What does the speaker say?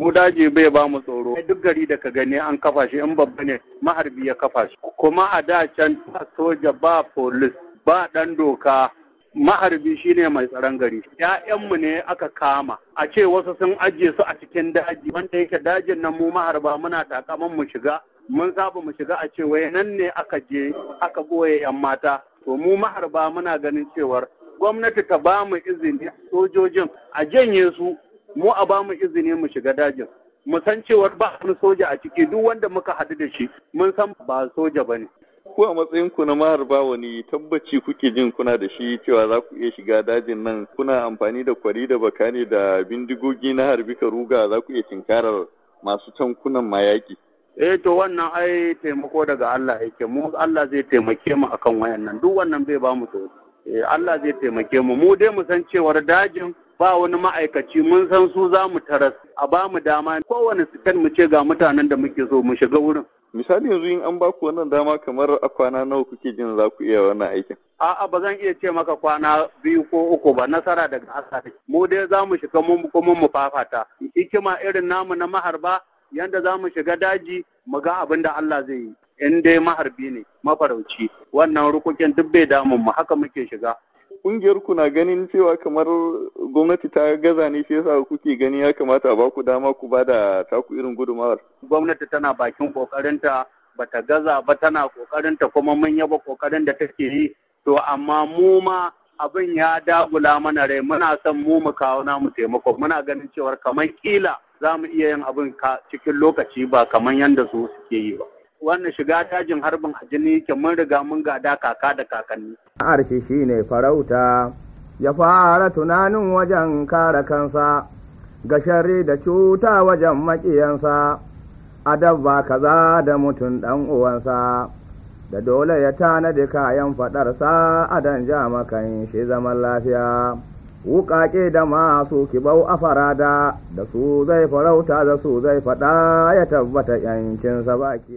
mu daji bai ba mu tsoro duk gari da ka gani an kafa shi in babba ne maharbi ya kafa shi kuma a da can ba soja ba polis ba dan doka maharbi shine mai tsaron gari ƴaƴanmu ne aka kama a ce wasu sun ajiye su a cikin daji wanda yake dajin nan mu maharba muna takaman mu shiga mun saba mu shiga a ce wai nan ne aka je aka goye yan mata to mu maharba muna ganin cewar gwamnati ta ba mu izini sojojin a janye su mu a ba mu izini mu shiga dajin mu san cewar ba wani soja a ciki duk wanda muka haɗu da shi mun san ba soja ba ne. Ku a matsayin ku na maharba wani tabbaci kuke jin kuna da shi cewa za ku iya shiga dajin nan kuna amfani da kwari da baka ne da bindigogi na harbi ka ruga za ku iya tinkarar masu tankunan mayaki. Eh to wannan ai taimako daga Allah yake mu Allah zai taimake mu akan wayannan duk wannan bai ba mu to. Eh, Allah zai taimake mu mu dai mu san cewar dajin ba wani ma'aikaci mun san su za mu taras a ba mu dama kowane sikan mu ce ga mutanen da muke so mu shiga wurin. Misali yanzu in an baku wannan dama kamar a kwana nawa kuke jin za ku iya wannan aikin? A'a ba zan iya ce maka kwana biyu ko uku ba nasara daga asali. Mu dai za mu shiga mun kuma mu fafata. Hikima irin namu na maharba yanda za mu shiga daji mu ga abin da Allah zai yi. In dai maharbi ne mafarauci wannan rukukin duk bai damun mu haka muke shiga. kungiyar ku na ganin cewa kamar gwamnati ta gaza ne shi yasa kuke gani ya kamata a baku dama ku bada taku irin gudumawar. Gwamnati tana bakin kokarinta bata gaza ba tana kokarinta kuma mun yaba kokarin da take yi to amma mu ma abin ya dagula mana rai muna son mu mu kawo namu taimako muna ganin cewa kamar kila za mu iya yin abin cikin lokaci ba kamar yadda su suke yi ba. wannan shiga tajin harbin jini yake mun riga mun gada kaka da kakanni. Arshi shi ne farauta ya fara tunanin wajen kare kansa ga shari da cuta wajen maƙiyansa a dabba kaza da mutum ɗan uwansa da dole ya tanadi kayan faɗarsa a dan jamakan shi zaman lafiya. wuƙaƙe da masu kibau a farada da su zai farauta da su zai faɗa ya tabbata yancinsa baki